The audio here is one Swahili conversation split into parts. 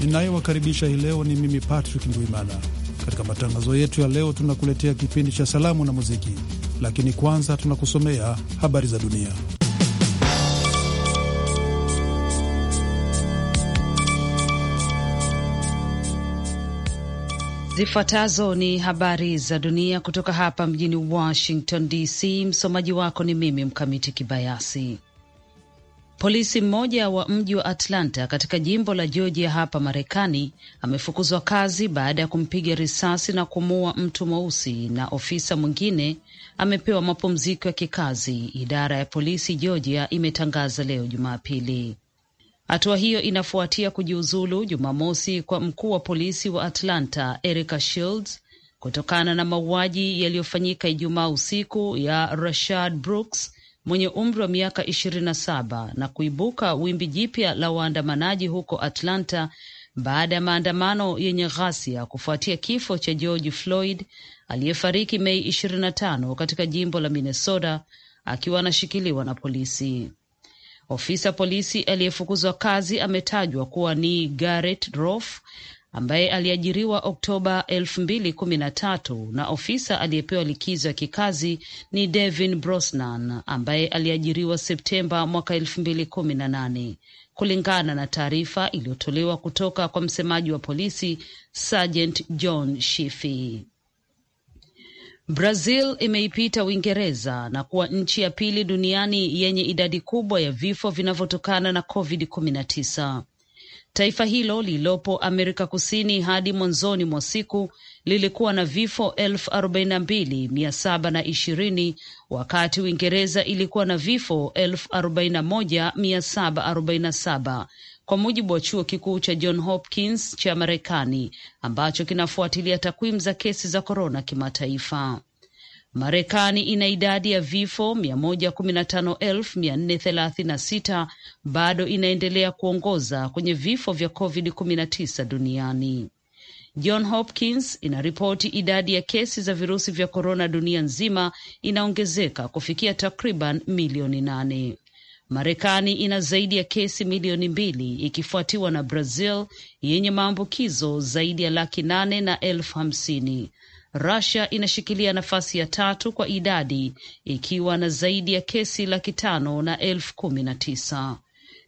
ninayewakaribisha hii leo ni mimi Patrick Ndwimana. Katika matangazo yetu ya leo, tunakuletea kipindi cha salamu na muziki, lakini kwanza tunakusomea habari za dunia. Zifuatazo ni habari za dunia kutoka hapa mjini Washington DC. Msomaji wako ni mimi Mkamiti Kibayasi. Polisi mmoja wa mji wa Atlanta katika jimbo la Georgia hapa Marekani amefukuzwa kazi baada ya kumpiga risasi na kumuua mtu mweusi na ofisa mwingine amepewa mapumziko ya kikazi, idara ya polisi Georgia imetangaza leo Jumapili. Hatua hiyo inafuatia kujiuzulu Jumamosi kwa mkuu wa polisi wa Atlanta Erica Shields kutokana na mauaji yaliyofanyika Ijumaa usiku ya Rashad Brooks mwenye umri wa miaka 27 na kuibuka wimbi jipya la waandamanaji huko Atlanta baada ya maandamano yenye ghasia kufuatia kifo cha George Floyd aliyefariki Mei 25 katika jimbo la Minnesota akiwa anashikiliwa na polisi. Ofisa polisi aliyefukuzwa kazi ametajwa kuwa ni Garrett Rolfe ambaye aliajiriwa Oktoba 2013 na ofisa aliyepewa likizo ya kikazi ni Devin Brosnan ambaye aliajiriwa Septemba mwaka 2018 kulingana na taarifa iliyotolewa kutoka kwa msemaji wa polisi Sergeant John Shifi. Brazil imeipita Uingereza na kuwa nchi ya pili duniani yenye idadi kubwa ya vifo vinavyotokana na covid Taifa hilo lililopo Amerika Kusini hadi mwanzoni mwa siku lilikuwa na vifo elfu arobaini na mbili mia saba na ishirini wakati Uingereza ilikuwa na vifo elfu arobaini na moja mia saba arobaini na saba kwa mujibu wa chuo kikuu cha John Hopkins cha Marekani ambacho kinafuatilia takwimu za kesi za korona kimataifa. Marekani ina idadi ya vifo 115,436 bado inaendelea kuongoza kwenye vifo vya COVID-19 duniani. John Hopkins inaripoti idadi ya kesi za virusi vya korona dunia nzima inaongezeka kufikia takriban milioni nane. Marekani ina zaidi ya kesi milioni mbili ikifuatiwa na Brazil yenye maambukizo zaidi ya laki nane na elfu hamsini Russia inashikilia nafasi ya tatu kwa idadi ikiwa na zaidi ya kesi laki tano na elfu kumi na tisa.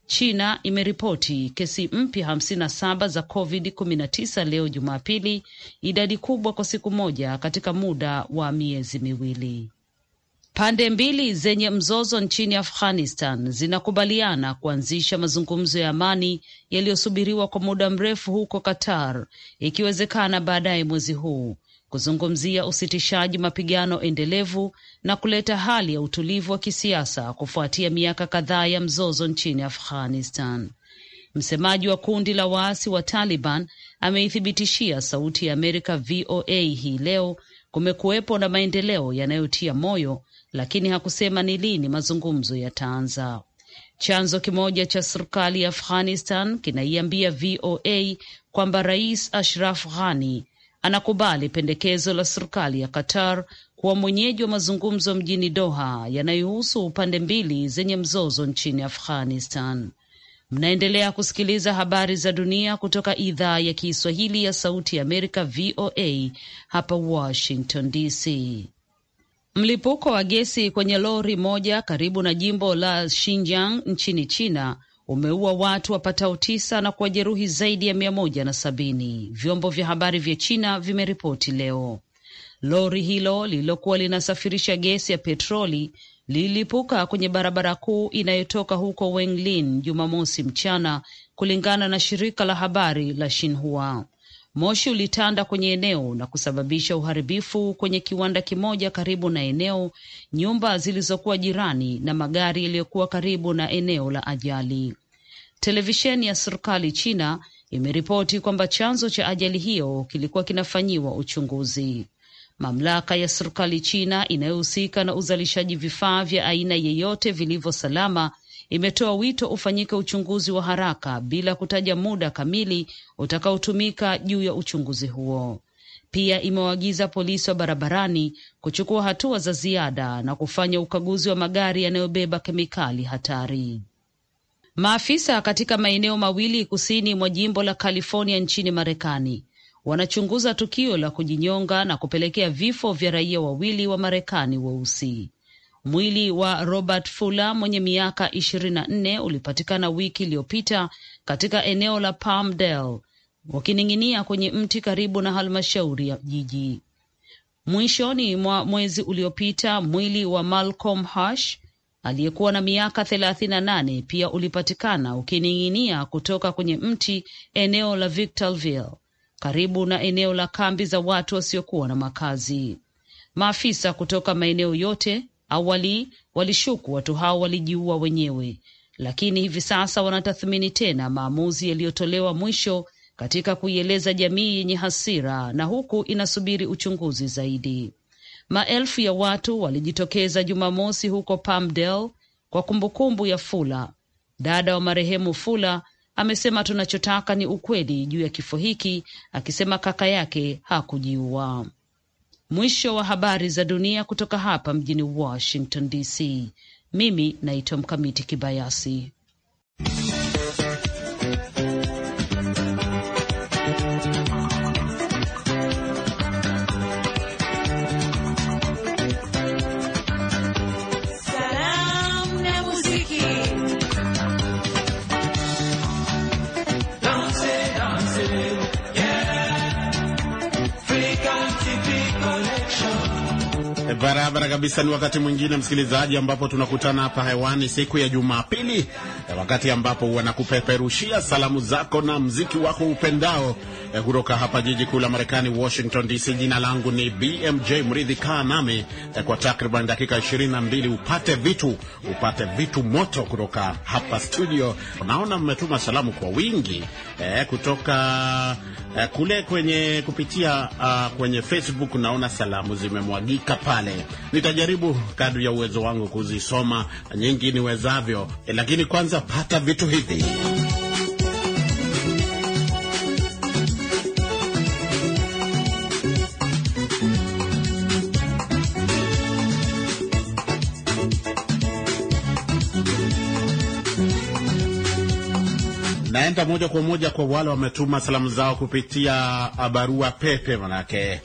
China imeripoti kesi mpya saba za COVID-19 leo Jumapili, idadi kubwa kwa siku moja katika muda wa miezi miwili. Pande mbili zenye mzozo nchini Afghanistan zinakubaliana kuanzisha mazungumzo ya amani yaliyosubiriwa kwa muda mrefu huko Qatar, ikiwezekana baadaye mwezi huu, kuzungumzia usitishaji mapigano endelevu na kuleta hali ya utulivu wa kisiasa kufuatia miaka kadhaa ya mzozo nchini Afghanistan. Msemaji wa kundi la waasi wa Taliban ameithibitishia Sauti ya Amerika VOA hii leo kumekuwepo na maendeleo yanayotia moyo, lakini hakusema ni lini mazungumzo yataanza. Chanzo kimoja cha serikali ya Afghanistan kinaiambia VOA kwamba Rais Ashraf Ghani anakubali pendekezo la serikali ya Qatar kuwa mwenyeji wa mazungumzo mjini Doha yanayohusu pande mbili zenye mzozo nchini Afghanistan. Mnaendelea kusikiliza habari za dunia kutoka idhaa ya Kiswahili ya Sauti ya Amerika, VOA hapa Washington DC. Mlipuko wa gesi kwenye lori moja karibu na jimbo la Xinjiang nchini China umeua watu wapatao tisa na kuwajeruhi zaidi ya mia moja na sabini, vyombo vya habari vya China vimeripoti leo. Lori hilo lililokuwa linasafirisha gesi ya petroli lilipuka kwenye barabara kuu inayotoka huko Wenglin Jumamosi mchana, kulingana na shirika la habari la Shinhua. Moshi ulitanda kwenye eneo na kusababisha uharibifu kwenye kiwanda kimoja karibu na eneo, nyumba zilizokuwa jirani na magari yaliyokuwa karibu na eneo la ajali. Televisheni ya serikali China imeripoti kwamba chanzo cha ajali hiyo kilikuwa kinafanyiwa uchunguzi. Mamlaka ya serikali China inayohusika na uzalishaji vifaa vya aina yeyote vilivyo salama imetoa wito ufanyike uchunguzi wa haraka bila kutaja muda kamili utakaotumika juu ya uchunguzi huo. Pia imewaagiza polisi wa barabarani kuchukua hatua za ziada na kufanya ukaguzi wa magari yanayobeba kemikali hatari. Maafisa katika maeneo mawili kusini mwa jimbo la California nchini Marekani wanachunguza tukio la kujinyonga na kupelekea vifo vya raia wawili wa Marekani weusi. Mwili wa Robert Fuller mwenye miaka 24 ulipatikana wiki iliyopita katika eneo la Palmdale wakining'inia kwenye mti karibu na halmashauri ya jiji. Mwishoni mwa mwezi uliopita, mwili wa Malcolm Hash aliyekuwa na miaka 38 pia ulipatikana ukining'inia kutoka kwenye mti eneo la Victorville karibu na eneo la kambi za watu wasiokuwa na makazi. Maafisa kutoka maeneo yote Awali walishuku watu hao walijiua wenyewe, lakini hivi sasa wanatathmini tena maamuzi yaliyotolewa mwisho katika kuieleza jamii yenye hasira na huku inasubiri uchunguzi zaidi. Maelfu ya watu walijitokeza Jumamosi huko Palmdale kwa kumbukumbu ya Fula. Dada wa marehemu Fula amesema tunachotaka ni ukweli juu ya kifo hiki, akisema kaka yake hakujiua. Mwisho wa habari za dunia kutoka hapa mjini Washington DC. Mimi naitwa Mkamiti Kibayasi. Eh, barabara kabisa. Ni wakati mwingine msikilizaji, ambapo tunakutana hapa hewani siku ya Jumapili Eh, wakati ambapo wanakupeperushia salamu zako na mziki wako upendao eh, kutoka hapa jiji kuu la Marekani, Washington DC. Jina langu ni BMJ Mridhi. Kaa nami eh, kwa takriban dakika 22 upate vitu upate vitu moto kutoka hapa studio. Naona mmetuma salamu kwa wingi eh, kutoka eh, kule kwenye kupitia uh, kwenye Facebook. Naona salamu zimemwagika pale, nitajaribu kadri ya uwezo wangu kuzisoma nyingi niwezavyo, eh, lakini kwanza unaweza pata vitu hivi. Naenda moja kwa moja kwa wale wametuma salamu zao kupitia uh, barua pepe manake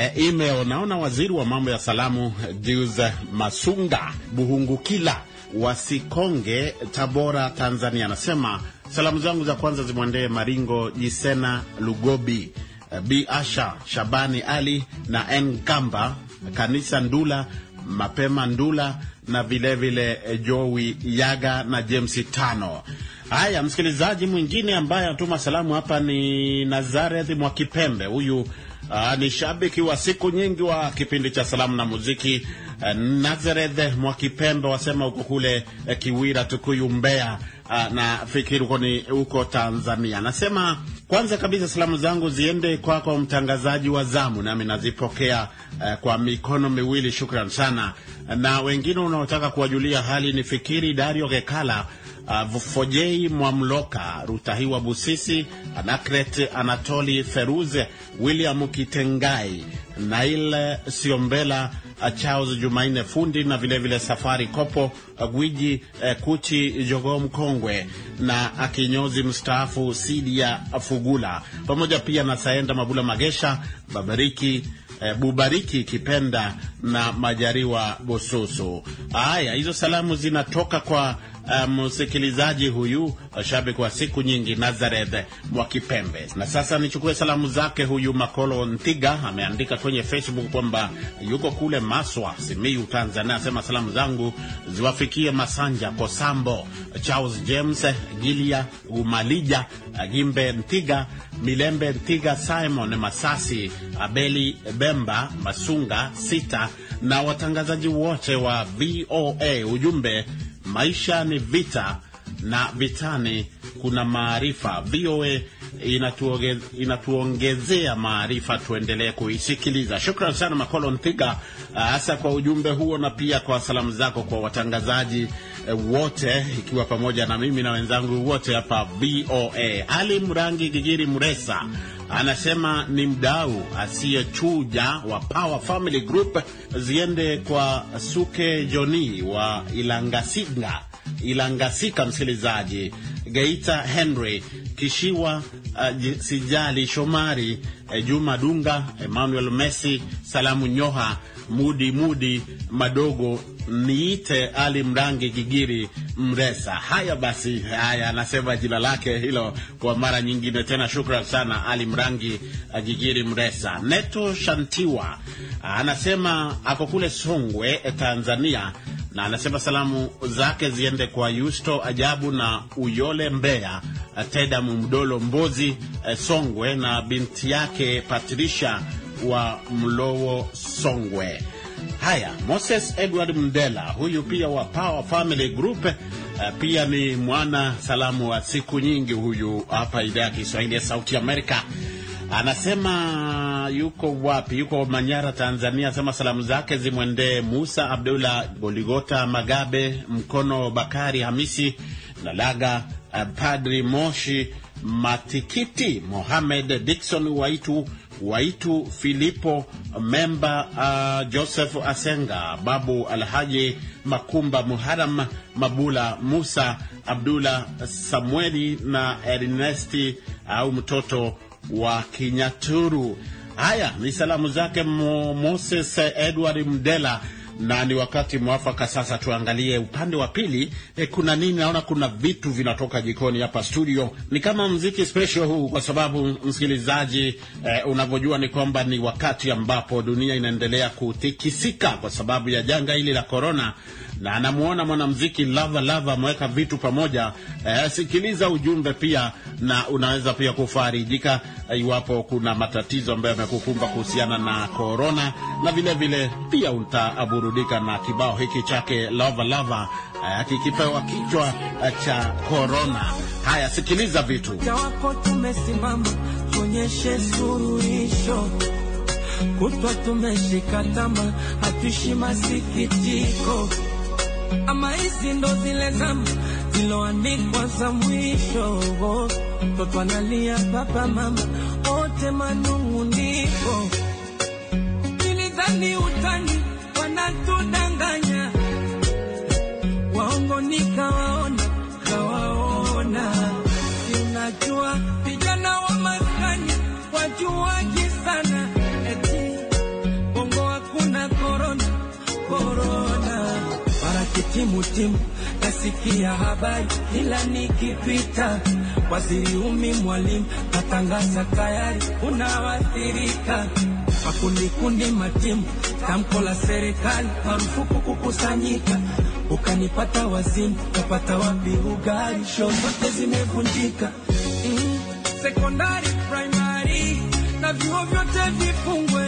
E, email naona waziri wa mambo ya salamu Jus Masunga Buhungukila Wasikonge, Tabora, Tanzania, anasema salamu zangu za kwanza zimwendee Maringo Jisena Lugobi, eh, B Asha Shabani Ali na N Kamba, Kanisa Ndula Mapema Ndula na vilevile eh, joi Yaga na James Tano. Haya, msikilizaji mwingine ambaye anatuma salamu hapa ni Nazareth Mwakipembe. Huyu uh, ni shabiki wa siku nyingi wa kipindi cha salamu na muziki Eh, Nazareth eh, Mwakipembe wasema huko kule eh, Kiwira, Tukuyu, Mbeya na fikiri huko ni huko Tanzania. nasema kwanza kabisa salamu zangu ziende kwako, kwa mtangazaji wa zamu, nami nazipokea kwa mikono miwili. Shukran sana. Na wengine unaotaka kuwajulia hali ni fikiri Dario Gekala, uh, Fojei Mwamloka, Rutahiwa Busisi, Anakret Anatoli Feruze, William Kitengai, Nail Siombela Charles Jumanne Fundi na vilevile vile Safari Kopo, gwiji eh, kuchi Jogo mkongwe na akinyozi mstaafu Sidia Fugula, pamoja pia na Saenda Mabula Magesha, Babariki eh, Bubariki Kipenda na Majariwa Bososo. Haya, hizo salamu zinatoka kwa Eh, msikilizaji um, huyu eh, shabiki wa siku nyingi Nazareth Mwakipembe. Na sasa nichukue salamu zake huyu Makolo Ntiga, ameandika kwenye Facebook kwamba yuko kule Maswa, Simiyu, Tanzania. Asema salamu zangu ziwafikie Masanja Kosambo, Charles James Gilia, Umalija Gimbe Ntiga, Milembe Ntiga, Simon Masasi, Abeli Bemba Masunga Sita na watangazaji wote wa VOA. Ujumbe maisha ni vita na vitani kuna maarifa. VOA inatuongezea maarifa, tuendelee kuisikiliza. Shukran sana Makolon nthiga ah, hasa kwa ujumbe huo na pia kwa salamu zako kwa watangazaji eh, wote, ikiwa pamoja na mimi na wenzangu wote hapa VOA. Ali Mrangi Gigiri Mresa Ah. anasema ni mdau asiyechuja wa Power Family Group, ziende kwa Suke Joni wa Ilangasinga Ilangasika, msikilizaji Geita, Henry Kishiwa, uh, Sijali Shomari, uh, Juma Dunga, Emmanuel Messi, Salamu Nyoha mudi mudi madogo niite Ali Mrangi Gigiri Mresa. Haya basi, haya anasema jina lake hilo kwa mara nyingine tena. Shukran sana Ali Mrangi Gigiri Mresa. Neto Shantiwa anasema ako kule Songwe, Tanzania, na anasema salamu zake ziende kwa Yusto Ajabu na Uyole Mbeya, Teda Mumdolo Mbozi, eh, Songwe, na binti yake Patricia wa Mlowo Songwe. Haya, Moses Edward Mdela huyu pia wa Power Family Group, eh, pia ni mwana salamu wa siku nyingi huyu hapa idhaa ya Kiswahili ya Sauti Amerika. Anasema yuko wapi? Yuko Manyara, Tanzania. Anasema salamu zake zimwendee Musa Abdullah Goligota Magabe Mkono Bakari Hamisi Nalaga eh, Padri Moshi Matikiti Mohamed Dikson Waitu Waitu Filipo Memba, uh, Joseph Asenga, Babu Alhaji Makumba, Muharam Mabula, Musa Abdullah, Samueli na Ernesti au mtoto wa Kinyaturu. Haya ni salamu zake Moses Edward Mdela na ni wakati mwafaka sasa tuangalie upande wa pili. E, kuna nini? Naona kuna vitu vinatoka jikoni hapa studio, ni kama mziki special huu, kwa sababu msikilizaji, e, unavyojua ni kwamba ni wakati ambapo dunia inaendelea kutikisika kwa sababu ya janga hili la korona, na anamwona mwanamziki Lava Lava ameweka vitu pamoja. Eh, sikiliza ujumbe pia, na unaweza pia kufarijika eh, iwapo kuna matatizo ambayo yamekukumba kuhusiana na korona, na vilevile vile, pia utaburudika na kibao hiki chake Lava Lava eh, kikipewa kichwa eh, cha korona. Haya, sikiliza vitu kutwa tumeshikatama, hatuishi masikitiko ama hizi ndo zile zamu ziloandikwa za mwisho, mtoto analia, papa mama wote manunguniko, nilidhani utani timu timu, nasikia habari ila nikipita, waziri umi mwalimu natangaza tayari unawathirika, makundi kundi matimu, tamko la serikali marufuku kukusanyika ukanipata wazimu, kapata wapi ugari, Shoo zote zimevunjika mm, sekondari, primary na vyuo vyote vifungwe.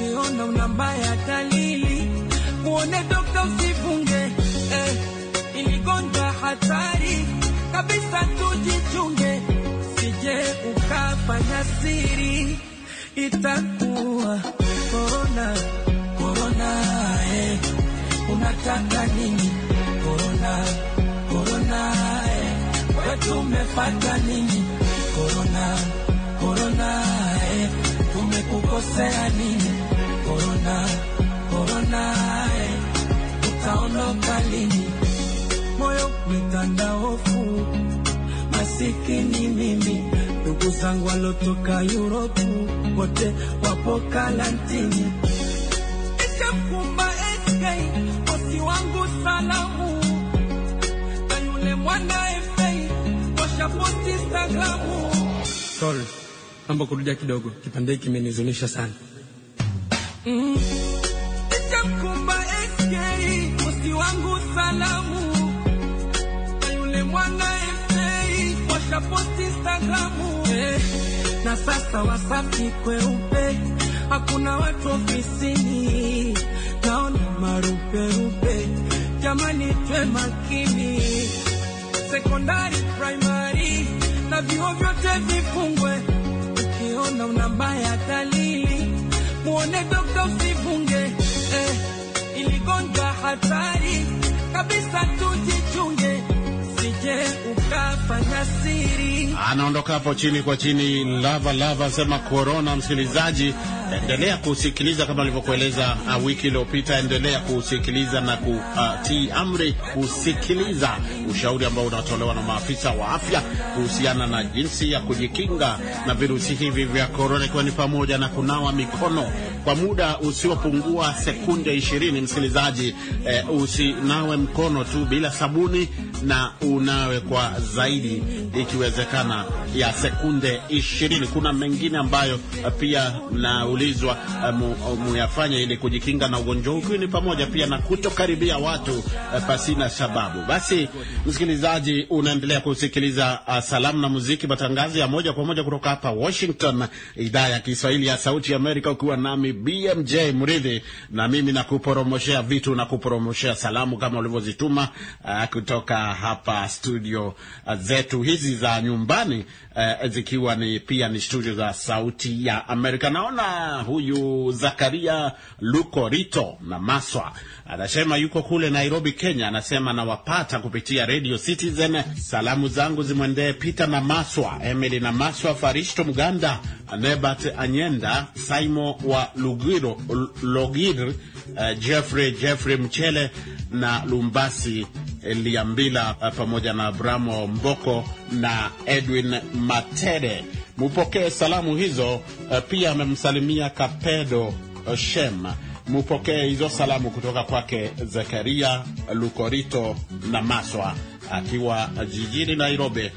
Ukiona una mbaya dalili kabisa, tujichunge, sije ukafanya siri, itakuwa korona. Korona eh, unataka nini? Korona korona eh, wetu umefata nini? Korona korona eh, tumekukosea nini? Korona korona eh, utaondoka lini? moyo mitanda hofu, masikini mimi. Ndugu zangu walotoka Europe wote wapo karantini, ishamkumba SK bosi wangu salamu na yule mwana FA washaposti Instagramu. Sorry, naomba kurudia kidogo, kipande hiki kimenihuzunisha sana mm. Ishamkumba SK bosi wangu salamu nikaposti Instagramu na sasa Wasafi kweupe, hakuna watu ofisini, naona maruperupe. Jamani, twe makini, sekondari, primari na vyuo vyote vifungwe. Ukiona una mbaya dalili, muone dokta usivunge, eh, iligonga hatari kabisa, tujichunge anaondoka hapo chini kwa chini, lava lava, sema korona. Msikilizaji, endelea kusikiliza kama alivyokueleza ah, wiki iliyopita. Endelea kusikiliza na kutii ah, uh, amri, kusikiliza ushauri ambao unatolewa na maafisa wa afya kuhusiana na jinsi ya kujikinga na virusi hivi vya korona, ikiwa ni pamoja na kunawa mikono kwa muda usiopungua sekunde ishirini. Msikilizaji eh, usinawe mkono tu bila sabuni na unawe kwa zaidi ikiwezekana ya sekunde ishirini. Kuna mengine ambayo eh, pia naulizwa eh, muyafanye ili kujikinga na ugonjwa huu, ni pamoja pia na kutokaribia watu eh, pasina sababu. Basi msikilizaji, unaendelea kusikiliza uh, salamu na muziki, matangazo ya moja kwa moja kutoka hapa Washington, idhaa ya Kiswahili ya Sauti ya Amerika, ukiwa nami nami BMJ Mridhi, na mimi nakuporomoshea vitu na kuporomoshea salamu kama ulivyozituma, uh, kutoka hapa studio eh, zetu hizi za nyumbani eh, zikiwa ni pia ni studio za Sauti ya Amerika. Naona huyu Zakaria Luko Rito na Maswa anasema yuko kule Nairobi, Kenya. Anasema nawapata kupitia Radio Citizen. Salamu zangu zimwendee Peter na Maswa, Emily na Maswa, Farishto Mganda, Nebat Anyenda, Saimo wa Lugiro, Logir, uh, Jeffrey Jeffrey Mchele na Lumbasi Liambila eh, pamoja na Abramo Mboko na Edwin Matere. Mupokee salamu hizo. Eh, pia amemsalimia Kapedo eh, Shem. Mupokee hizo salamu kutoka kwake Zekaria Lukorito na Maswa akiwa jijini Nairobi.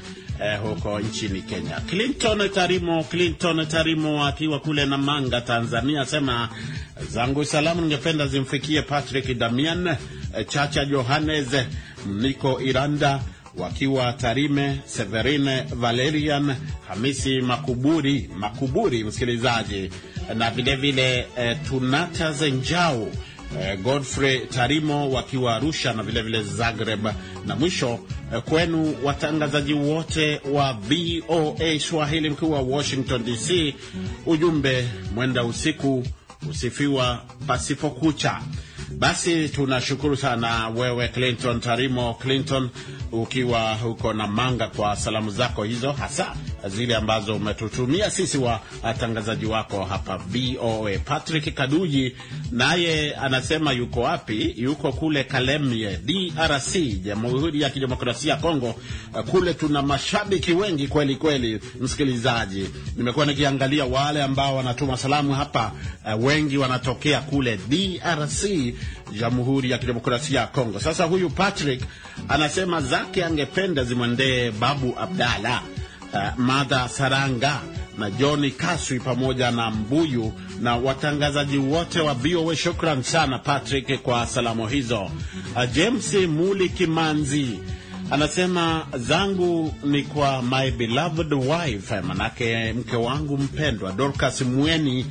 Eh, huko nchini Kenya. Clinton Tarimo, Clinton Tarimo akiwa kule Namanga, Tanzania, sema zangu salamu ningependa zimfikie Patrick Damian, Chacha Johannes niko Iranda wakiwa Tarime, Severine Valerian, Hamisi Makuburi Makuburi, msikilizaji na vilevile e, eh, Tunata Zenjau e, Godfrey Tarimo wakiwa Arusha na vilevile vile Zagreb. Na mwisho e, kwenu watangazaji wote wa VOA Swahili mkiwa Washington DC, ujumbe mwenda usiku usifiwa pasipokucha. Basi tunashukuru sana wewe Clinton Tarimo Clinton, ukiwa huko Namanga, kwa salamu zako hizo hasa zile ambazo umetutumia sisi watangazaji wako hapa VOA. Patrick Kaduji naye anasema yuko wapi? Yuko kule Kalemie, DRC, Jamhuri ya Kidemokrasia ya Kongo. Uh, kule tuna mashabiki wengi kweli kweli. Msikilizaji, nimekuwa nikiangalia wale ambao wanatuma salamu hapa, uh, wengi wanatokea kule DRC, Jamhuri ya Kidemokrasia ya Kongo. Sasa huyu Patrick anasema zake angependa zimwendee Babu Abdallah uh, eh, Madha Saranga na John Kaswi pamoja na Mbuyu na watangazaji wote wa VOA. Shukran sana Patrick kwa salamu hizo. Uh, James Muli Kimanzi Anasema zangu ni kwa my beloved wife, manake mke wangu mpendwa Dorcas Mweni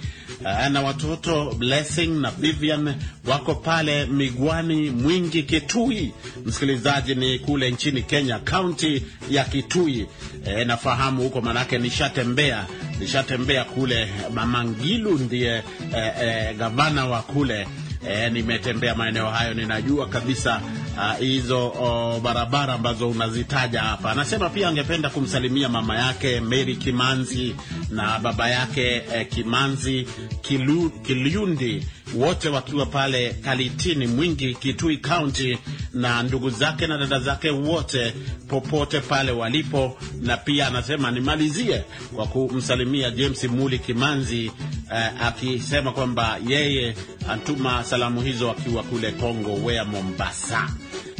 eh, na watoto Blessing na Vivian wako pale Migwani Mwingi Kitui. Msikilizaji, ni kule nchini Kenya, kaunti ya Kitui. E, nafahamu huko manake nishatembea nishatembea kule. Mama Ngilu ndiye e, e, gavana wa kule e, nimetembea maeneo hayo, ninajua kabisa Ah, hizo uh, barabara ambazo unazitaja hapa. Anasema pia angependa kumsalimia mama yake Mary Kimanzi na baba yake eh, Kimanzi Kilu, Kiliundi wote wakiwa pale Kalitini Mwingi, Kitui County, na ndugu zake na dada zake wote popote pale walipo. Na pia anasema nimalizie kwa kumsalimia James Muli Kimanzi eh, akisema kwamba yeye antuma salamu hizo akiwa kule Kongo Wea, Mombasa.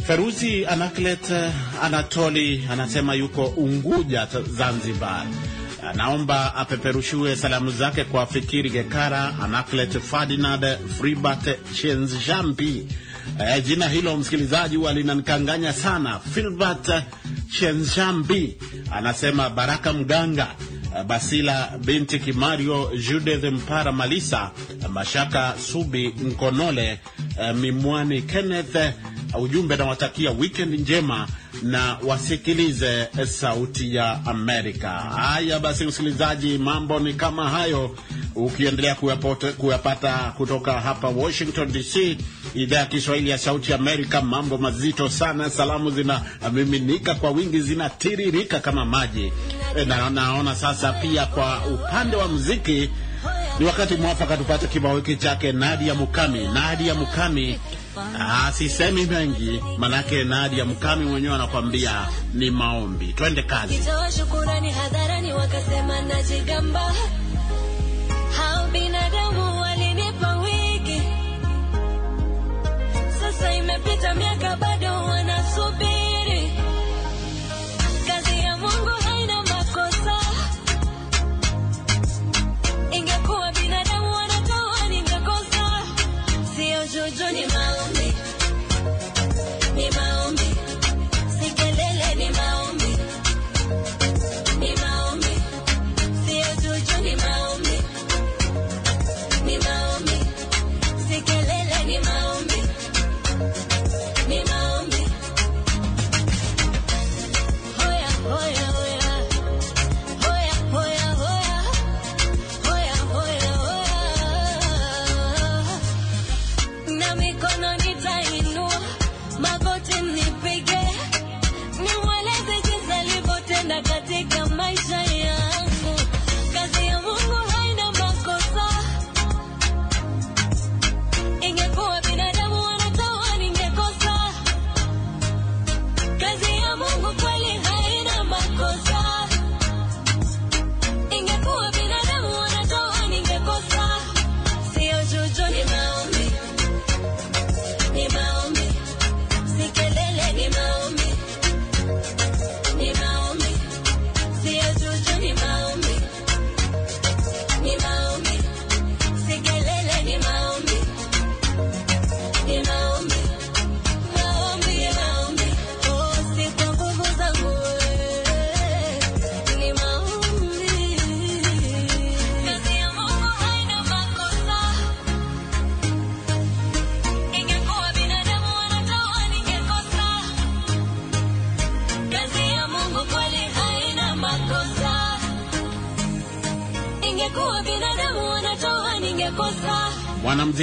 Feruzi Anaklet Anatoli anasema yuko Unguja, Zanzibar. Anaomba apeperushiwe salamu zake kwa Fikiri Gekara, Anaklet Ferdinand, Fribert Chenzambi. E, jina hilo msikilizaji huwa linanikanganya sana. Filbert Chenzambi anasema Baraka Mganga, Basila binti Kimario, Judith Mpara Malisa, Mashaka Subi Nkonole, Mimwani Kenneth ujumbe nawatakia weekend njema na wasikilize Sauti ya Amerika. Haya basi, msikilizaji, mambo ni kama hayo ukiendelea kuyapata, kuyapata kutoka hapa Washington DC, idhaa ya Kiswahili ya Sauti ya Amerika. Mambo mazito sana, salamu zinamiminika kwa wingi, zinatiririka kama maji eh, na naona sasa pia kwa upande wa muziki ni wakati mwafaka tupate kibao hiki chake Nadia Mukami. Nadia Mukami Ah, sisemi mengi manake Nadia Mkami mwenyewe anakwambia ni maombi. Twende kazi. Nitoa shukurani hadharani, wakasema najigamba. Hao binadamu walinipa wiki, sasa imepita miaka, bado wanasubiri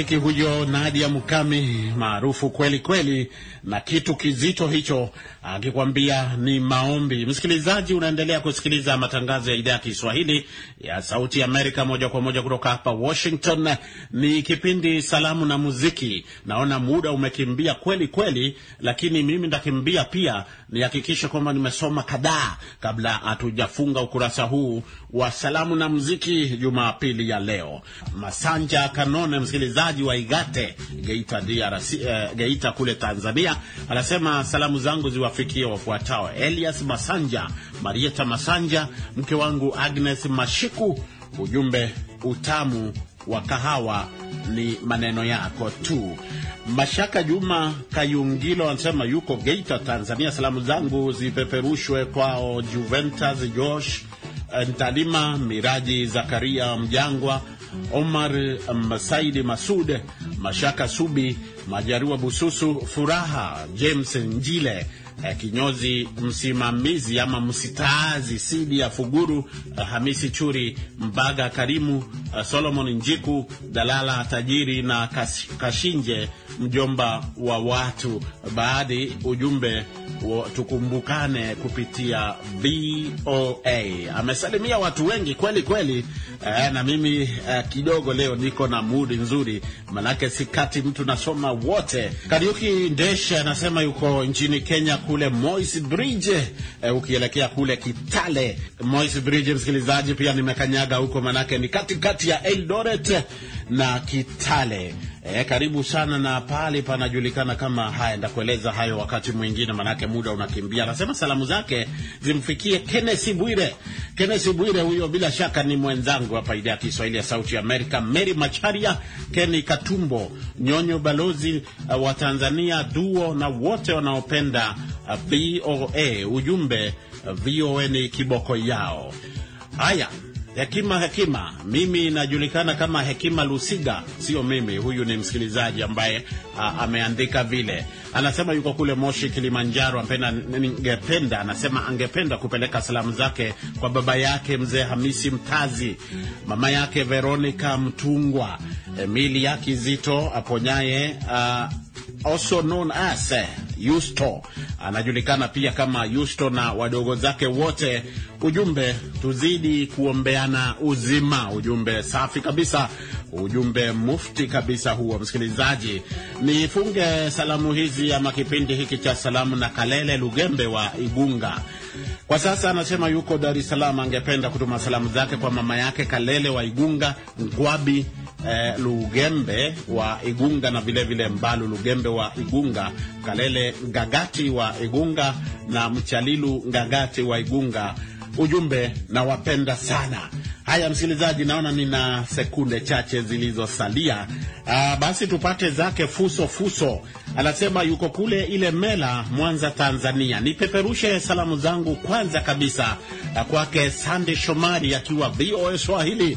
mwanamuziki huyo Nadia Mukami maarufu kweli kweli na kitu kizito hicho akikwambia ni maombi. Msikilizaji, unaendelea kusikiliza matangazo ya idhaa ya Kiswahili ya Sauti ya Amerika moja kwa moja kutoka hapa Washington. Ni kipindi Salamu na Muziki. Naona muda umekimbia kweli kweli, lakini mimi ndakimbia pia nihakikishe kwamba nimesoma kadhaa kabla hatujafunga ukurasa huu wa Salamu na Muziki Jumapili ya leo. Masanja Kanone, msikilizaji wa Igate Geita, DRC, eh, Geita kule Tanzania Tanzania anasema salamu zangu ziwafikie wafuatao: Elias Masanja, Marieta Masanja, mke wangu Agnes Mashiku. Ujumbe, utamu wa kahawa ni maneno yako tu. Mashaka Juma Kayungilo anasema yuko Geita, Tanzania. Salamu zangu zipeperushwe kwao Juventus Josh eh, Ntalima, Miraji Zakaria Mjangwa, Omar Masaidi, um, Masud Mashaka, Subi Majariwa, Bususu Furaha, James Njile, eh, kinyozi msimamizi ama msitaazi Sidi ya Fuguru, eh, Hamisi Churi, Mbaga Karimu, eh, Solomon Njiku, Dalala Tajiri na Kas, Kashinje mjomba wa watu. Baadhi ujumbe tukumbukane kupitia VOA. Amesalimia watu wengi kweli kweli, eh, na mimi eh, kidogo leo niko na mudi nzuri, manake sikati mtu nasoma wote. Kariuki Ndesha anasema yuko nchini Kenya kule Moise Bridge eh, ukielekea kule Kitale. Moi's Bridge, msikilizaji, pia nimekanyaga huko, manake ni katikati ya Eldoret na Kitale. E, karibu sana na pale panajulikana kama haya. Ndakueleza hayo wakati mwingine, manake muda unakimbia. Anasema salamu zake zimfikie Kenneth Bwire. Kenneth Bwire huyo bila shaka ni mwenzangu hapa idhaa ya Kiswahili ya Sauti ya Amerika, Mary Macharia, Kenny Katumbo, Nyonyo balozi uh, wa Tanzania duo na wote wanaopenda uh, VOA. Ujumbe uh, VOA ni kiboko yao. Haya. Hekima Hekima, mimi najulikana kama Hekima Lusiga, sio mimi. Huyu ni msikilizaji ambaye a, ameandika vile, anasema yuko kule Moshi, Kilimanjaro. Ampenda, ningependa anasema angependa kupeleka salamu zake kwa baba yake mzee Hamisi Mtazi, mama yake Veronica Mtungwa, Emilia ya Kizito aponyaye a, also known as eh, Yusto, anajulikana pia kama Yusto na wadogo zake wote. Ujumbe tuzidi kuombeana uzima, ujumbe safi kabisa, ujumbe mufti kabisa huo. Msikilizaji, nifunge salamu hizi ama kipindi hiki cha salamu na Kalele Lugembe wa Igunga. Kwa sasa anasema yuko Dar es Salaam, angependa kutuma salamu zake kwa mama yake Kalele wa Igunga Ngwabi eh, Lugembe wa Igunga na vilevile Mbalu Lugembe wa Igunga, Kalele Ngagati wa Igunga na Mchalilu Ngagati wa Igunga. Ujumbe, nawapenda sana. Haya msikilizaji, naona nina sekunde chache zilizosalia. Aa, ah, basi tupate zake Fuso Fuso, anasema yuko kule ile Mela, Mwanza, Tanzania. Nipeperushe salamu zangu kwanza kabisa kwake Sande Shomari akiwa VOA Swahili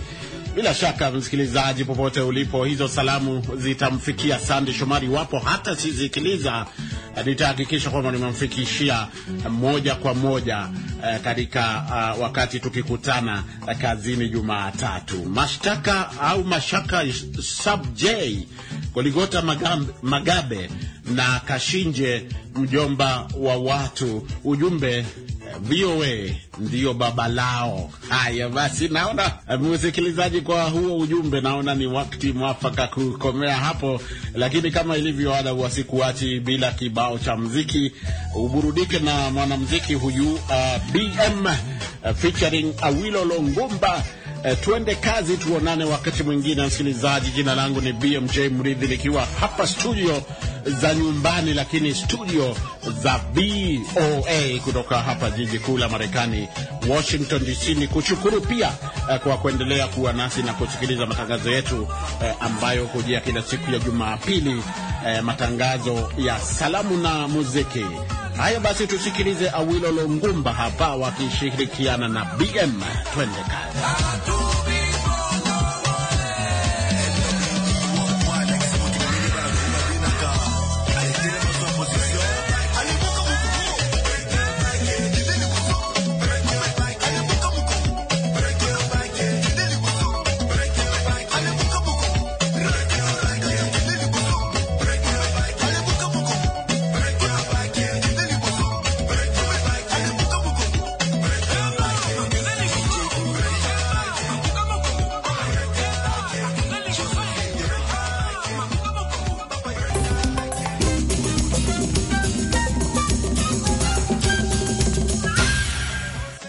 bila shaka msikilizaji, popote ulipo, hizo salamu zitamfikia Sande Shomari. Iwapo hata sisikiliza, nitahakikisha kwamba nimemfikishia moja kwa moja eh, katika uh, wakati tukikutana eh, kazini Jumatatu. Mashtaka au mashaka subj Goligota Magambe, Magabe na Kashinje mjomba wa watu, ujumbe VOA ndio baba lao. Haya basi, naona msikilizaji, kwa huo ujumbe, naona ni wakati mwafaka kukomea hapo, lakini kama ilivyo ada, wasikuachi bila kibao cha mziki. Uburudike na mwanamziki huyu uh, BM uh, featuring Awilo uh, Longomba. Uh, tuende kazi, tuonane wakati mwingine msikilizaji. Jina langu ni BMJ Mridhi nikiwa hapa studio za nyumbani, lakini studio za VOA kutoka hapa jiji kuu la Marekani, Washington DC, ni kushukuru pia eh, kwa kuendelea kuwa nasi na kusikiliza matangazo yetu eh, ambayo hujia kila siku ya Jumapili, eh, matangazo ya salamu na muziki. Haya basi, tusikilize Awilo Longumba hapa wakishirikiana na BM. Twende kazi.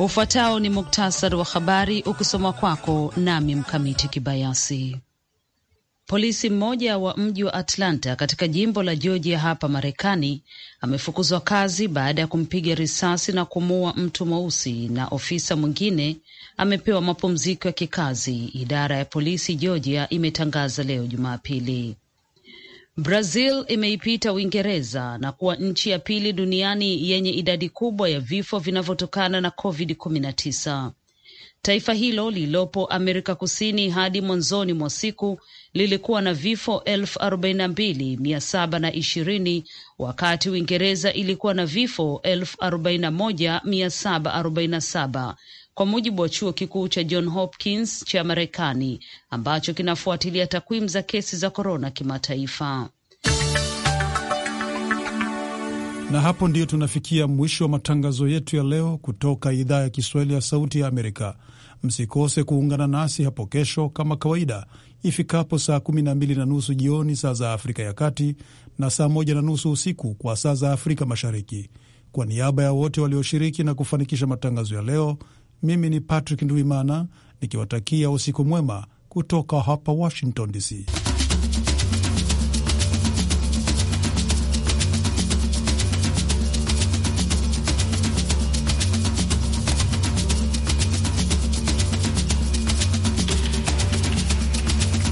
Ufuatao ni muktasari wa habari ukisoma kwako nami Mkamiti Kibayasi. Polisi mmoja wa mji wa Atlanta katika jimbo la Georgia hapa Marekani amefukuzwa kazi baada ya kumpiga risasi na kumuua mtu mweusi na ofisa mwingine amepewa mapumziko ya kikazi, idara ya polisi Georgia imetangaza leo Jumapili. Brazil imeipita Uingereza na kuwa nchi ya pili duniani yenye idadi kubwa ya vifo vinavyotokana na COVID-19. Taifa hilo lililopo Amerika Kusini hadi mwanzoni mwa siku lilikuwa na vifo ishirini wakati Uingereza ilikuwa na vifo 41747 kwa mujibu wa chuo kikuu cha John Hopkins cha Marekani ambacho kinafuatilia takwimu za kesi za korona kimataifa. Na hapo ndiyo tunafikia mwisho wa matangazo yetu ya leo kutoka idhaa ya Kiswahili ya Sauti ya Amerika. Msikose kuungana nasi hapo kesho kama kawaida ifikapo saa 12 na nusu jioni saa za Afrika ya Kati na saa moja na nusu usiku kwa saa za Afrika Mashariki. Kwa niaba ya wote walioshiriki na kufanikisha matangazo ya leo, mimi ni Patrick Nduimana nikiwatakia usiku mwema kutoka hapa Washington DC.